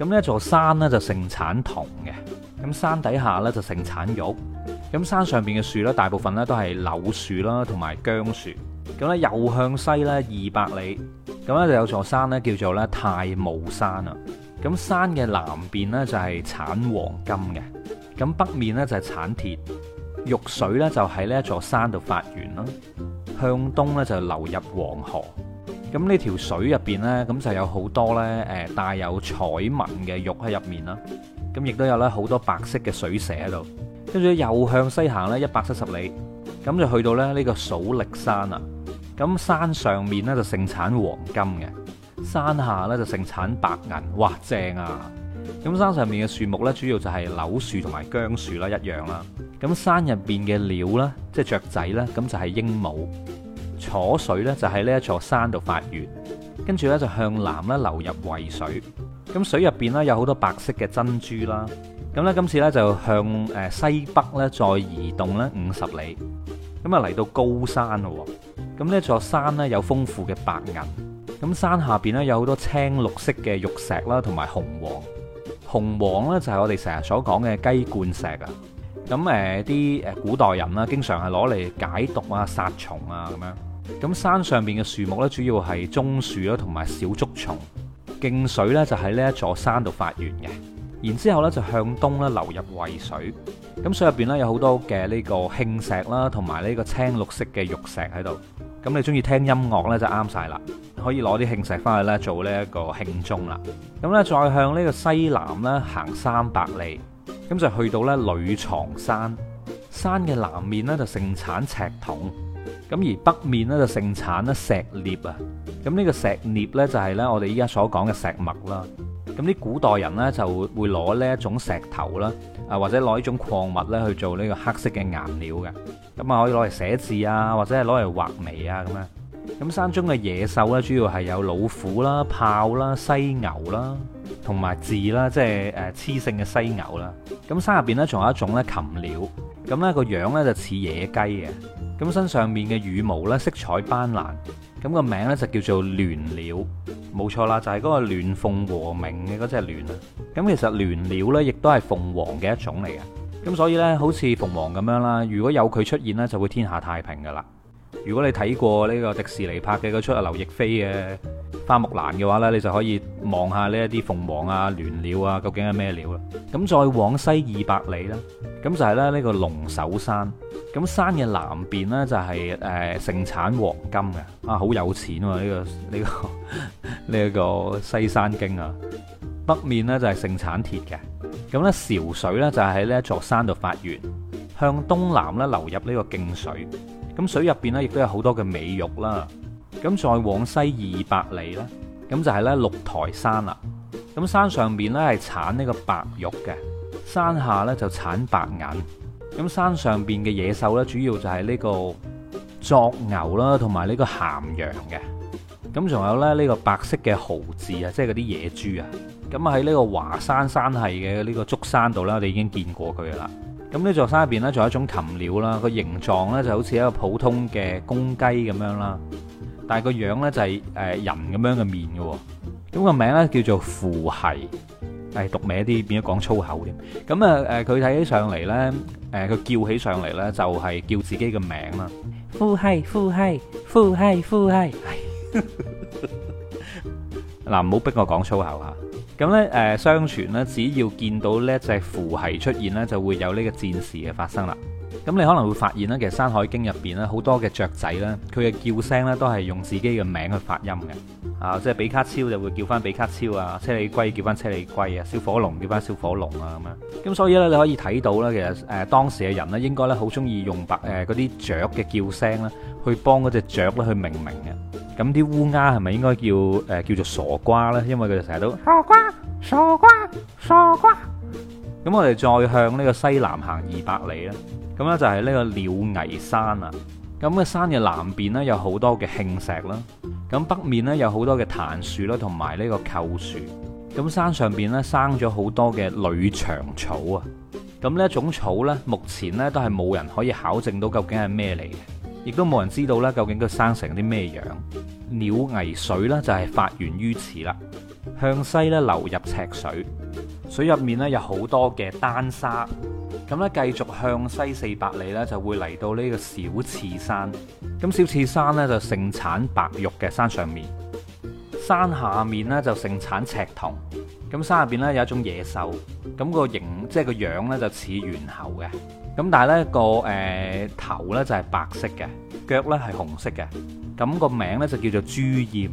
咁呢一座山咧就盛產銅嘅，咁山底下咧就盛產玉，咁山上邊嘅樹咧大部分咧都係柳樹啦，同埋薑樹。咁咧又向西咧二百里，咁咧就有座山咧叫做咧太霧山啊。咁山嘅南邊咧就係產黃金嘅，咁北面咧就係產鐵，玉水咧就喺呢一座山度發源啦。向東咧就流入黃河。咁呢條水入邊呢，咁就有好多呢誒帶有彩紋嘅玉喺入面啦。咁亦都有咧好多白色嘅水蛇喺度。跟住又向西行呢，一百七十里，咁就去到咧呢個數力山啦。咁山上面呢，就盛產黃金嘅，山下呢，就盛產白銀。哇，正啊！咁山上面嘅樹木呢，主要就係柳樹同埋薑樹啦一樣啦。咁山入邊嘅鳥呢，即係雀仔呢，咁就係鸚鵡。楚水咧就喺呢一座山度發源，跟住咧就向南咧流入渭水。咁水入邊咧有好多白色嘅珍珠啦。咁咧今次咧就向誒西北咧再移動咧五十里，咁啊嚟到高山咯。咁呢座山咧有豐富嘅白銀。咁山下邊咧有好多青綠色嘅玉石啦，同埋紅黃。紅黃咧就係我哋成日所講嘅雞冠石啊。咁誒啲誒古代人啦，經常係攞嚟解毒啊、殺蟲啊咁樣。咁山上邊嘅樹木咧，主要係棕樹咯，同埋小竹叢。涇水咧就喺呢一座山度發源嘅，然之後咧就向東啦流入渭水。咁水入邊咧有好多嘅呢個磬石啦，同埋呢個青綠色嘅玉石喺度。咁你中意聽音樂咧就啱晒啦，可以攞啲磬石返去咧做呢一個磬鐘啦。咁咧再向呢個西南啦行三百里，咁就去到咧女床山。山嘅南面咧就盛產赤銅。咁而北面咧就盛產咧石獵啊！咁呢個石獵咧就係咧我哋依家所講嘅石墨啦。咁啲古代人咧就會攞呢一種石頭啦，啊或者攞呢種礦物咧去做呢個黑色嘅顏料嘅。咁啊可以攞嚟寫字啊，或者係攞嚟畫眉啊咁樣。咁山中嘅野獸咧，主要係有老虎啦、豹啦、犀牛啦，同埋字啦，即係雌性嘅犀牛啦。咁山入面咧仲有一種咧禽鳥，咁咧個樣咧就似野雞嘅。咁身上面嘅羽毛咧色彩斑斕，咁個名咧就叫做鸞鳥。冇錯啦，就係嗰個鸞鳳和鳴嘅嗰隻鸞啊。咁其實鸞鳥咧亦都係鳳凰嘅一種嚟嘅，咁所以咧好似鳳凰咁樣啦，如果有佢出現咧，就會天下太平噶啦。如果你睇過呢個迪士尼拍嘅嗰出劉亦菲嘅花木蘭嘅話呢，你就可以望下呢一啲鳳凰啊、鸞鳥啊，究竟係咩鳥啦？咁再往西二百里咧，咁就係咧呢個龍首山。咁山嘅南邊呢，就係，就係誒盛產黃金嘅，啊好有錢啊呢，呢個呢，呢個呢 個西山經啊。北面呢就係盛產鐵嘅。咁呢潮水呢，就係喺呢一座山度發源，向東南呢流入呢個涇水。咁水入邊咧，亦都有好多嘅美玉啦。咁再往西二百里呢，咁就係咧六台山啦。咁山上邊呢係產呢個白玉嘅，山下呢就產白銀。咁山上邊嘅野獸呢，主要就係呢個作牛啦，同埋呢個鹹羊嘅。咁仲有咧呢個白色嘅豪彘啊，即係嗰啲野豬啊。咁喺呢個華山山系嘅呢個竹山度啦，我哋已經見過佢啦。咁呢座山入邊咧，仲有一種禽鳥啦，個形狀咧就好似一個普通嘅公雞咁樣啦，但係個樣咧就係誒人咁樣嘅面嘅，咁個名咧叫做孵係，誒讀歪啲，變咗講粗口添。咁啊誒，佢睇起上嚟咧，誒佢叫起上嚟咧就係叫自己嘅名啦，孵係孵係孵係孵係，嗱，唔好逼我講粗口吓。咁咧，誒、呃、相傳咧，只要見到呢一隻符係出現咧，就會有呢個戰事嘅發生啦。咁你可能會發現呢，其實《山海經》入邊咧好多嘅雀仔咧，佢嘅叫聲咧都係用自己嘅名去發音嘅，啊，即係比卡超就會叫翻比卡超啊，車里龜叫翻車里龜啊，小火龍叫翻小火龍啊咁樣。咁所以咧你可以睇到咧，其實誒、呃、當時嘅人咧應該咧好中意用白嗰啲雀嘅叫聲咧去幫嗰隻雀咧去命名嘅。咁啲烏鴉係咪應該叫、呃、叫做傻瓜咧？因為佢哋成日都傻瓜、傻瓜、傻瓜。咁我哋再向呢個西南行二百里咧。咁咧就係呢個鳥危山啊！咁嘅山嘅南邊呢，有好多嘅慶石啦、啊，咁北面、啊、面呢，有好多嘅檀樹啦，同埋呢個構樹。咁山上邊呢，生咗好多嘅女長草啊！咁呢一種草呢，目前呢，都係冇人可以考證到究竟係咩嚟嘅，亦都冇人知道呢，究竟佢生成啲咩樣。鳥危水呢、啊，就係、是、發源於此啦、啊，向西呢，流入赤水，水入面呢，有好多嘅丹沙。咁咧，繼續向西四百里呢，就會嚟到呢個小刺山。咁小刺山呢，就盛產白玉嘅山上面，山下面呢，就盛產赤銅。咁山入邊呢，有一種野獸，咁、那個形即係個樣子呢，就似猿猴嘅。咁但係呢個誒、呃、頭呢，就係、是、白色嘅，腳呢，係紅色嘅。咁、那個名呢，就叫做朱厭。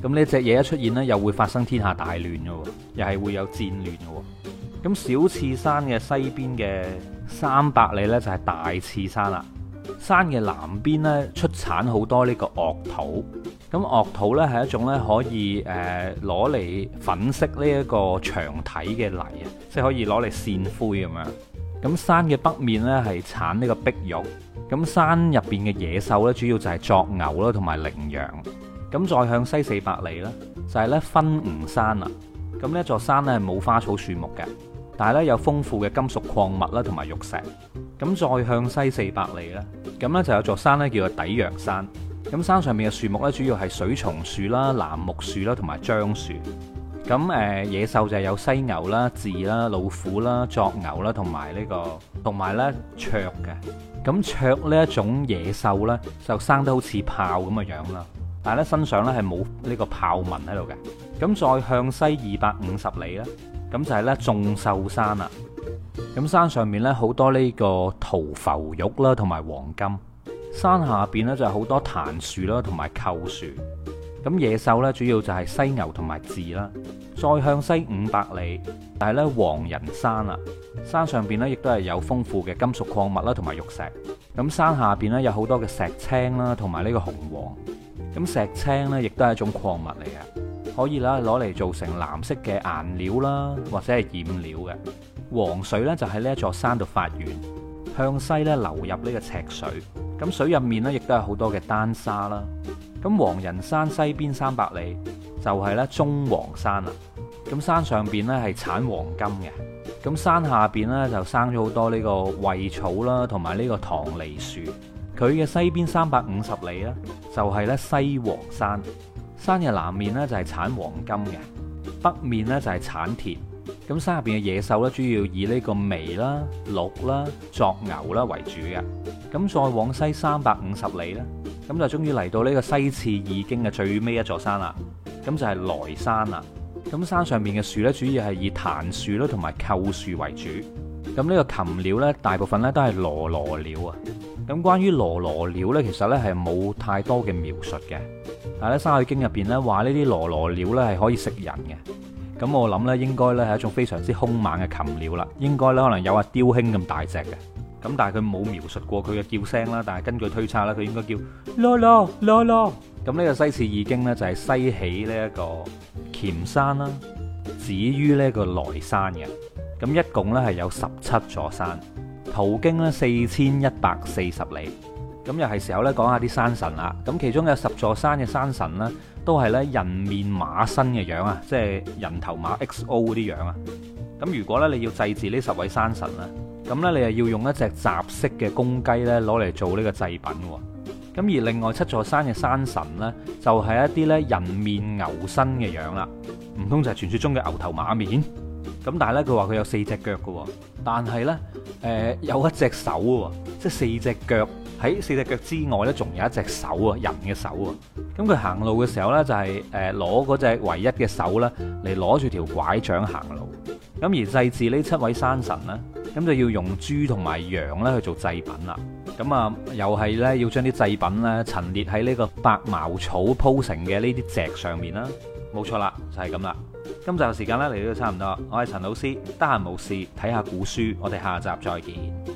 咁呢隻嘢一出現呢，又會發生天下大亂嘅，又係會有戰亂嘅。咁小次山嘅西邊嘅三百里呢，就係、是、大次山啦。山嘅南邊呢，出產好多呢個堊土。咁堊土呢，係一種呢，可以誒攞嚟粉飾呢一個牆體嘅泥啊，即、就、係、是、可以攞嚟扇灰咁樣。咁山嘅北面呢，係產呢個碧玉。咁山入邊嘅野獸呢，主要就係作牛啦，同埋羚羊。咁再向西四百里呢，就係、是、呢分吳山啦。咁呢座山呢，係冇花草樹木嘅。但係咧有豐富嘅金屬礦物啦，同埋玉石。咁再向西四百里呢，咁呢就有座山咧叫做底陽山。咁山上面嘅樹木呢，主要係水松樹啦、楠木樹啦，同埋樟樹。咁誒野獸就係有犀牛啦、字啦、老虎啦、作牛啦、這個，同埋呢個同埋呢雀嘅。咁雀呢一種野獸呢，就生得好似豹咁嘅樣啦，但係咧身上呢，係冇呢個豹紋喺度嘅。咁再向西二百五十里呢。咁就係咧，眾獸山啦。咁山上面咧好多呢個桃浮玉啦，同埋黃金。山下邊咧就係好多檀樹啦，同埋構樹。咁野獸咧主要就係犀牛同埋兕啦。再向西五百里，但係咧黃人山啦。山上邊咧亦都係有豐富嘅金屬礦物啦，同埋玉石。咁山下邊咧有好多嘅石青啦，同埋呢個紅黃。咁石青咧亦都係一種礦物嚟嘅。可以啦，攞嚟做成藍色嘅顏料啦，或者係染料嘅黃水咧，就喺呢一座山度發源，向西咧流入呢個赤水。咁水入面咧，亦都有好多嘅丹砂啦。咁黃仁山西邊三百里就係咧中黃山啦。咁山上邊咧係產黃金嘅，咁山下邊咧就生咗好多呢個蕙草啦，同埋呢個棠梨樹。佢嘅西邊三百五十里咧，就係咧西黃山。山嘅南面咧就係產黃金嘅，北面咧就係產鐵。咁山入邊嘅野獸咧，主要以呢個麋啦、鹿啦、作牛啦為主嘅。咁再往西三百五十里呢，咁就終於嚟到呢個西次二經嘅最尾一座山啦。咁就係萊山啦。咁山上邊嘅樹呢，主要係以檀樹啦同埋構樹為主。咁呢個禽鳥呢，大部分呢都係羅羅鳥啊。咁關於羅羅鳥呢，其實呢係冇太多嘅描述嘅。喺《山海經》入邊咧，話呢啲羅羅鳥咧係可以食人嘅，咁我諗呢應該呢係一種非常之兇猛嘅禽鳥啦，應該呢可能有阿雕鷹咁大隻嘅，咁但係佢冇描述過佢嘅叫聲啦，但係根據推測呢，佢應該叫羅羅羅羅。咁呢個《西次二經》呢，就係西起呢一個黔山啦，止於呢個萊山嘅，咁一共呢係有十七座山，途經呢四千一百四十里。咁又係時候咧，講下啲山神啦。咁其中有十座山嘅山神呢，都係咧人面馬身嘅樣啊，即係人頭馬 X O 啲樣啊。咁如果咧你要祭祀呢十位山神咧，咁咧你又要用一隻雜色嘅公雞咧攞嚟做呢個祭品喎。咁而另外七座山嘅山神呢，就係一啲咧人面牛身嘅樣啦，唔通就係傳說中嘅牛頭馬面咁？但係咧佢話佢有四隻腳喎，但係呢、呃，有一隻手喎，即係四隻腳。喺四隻腳之外咧，仲有一隻手啊，人嘅手啊。咁佢行路嘅時候呢，就係誒攞嗰隻唯一嘅手咧嚟攞住條拐杖行路。咁而祭祀呢七位山神呢，咁就要用豬同埋羊呢去做祭品啦。咁啊，又係呢，要將啲祭品呢陳列喺呢個白茅草鋪成嘅呢啲席上面啦。冇錯啦，就係咁啦。今集時間呢，嚟到都差唔多，我係陳老師，得閒冇事睇下古書，我哋下集再見。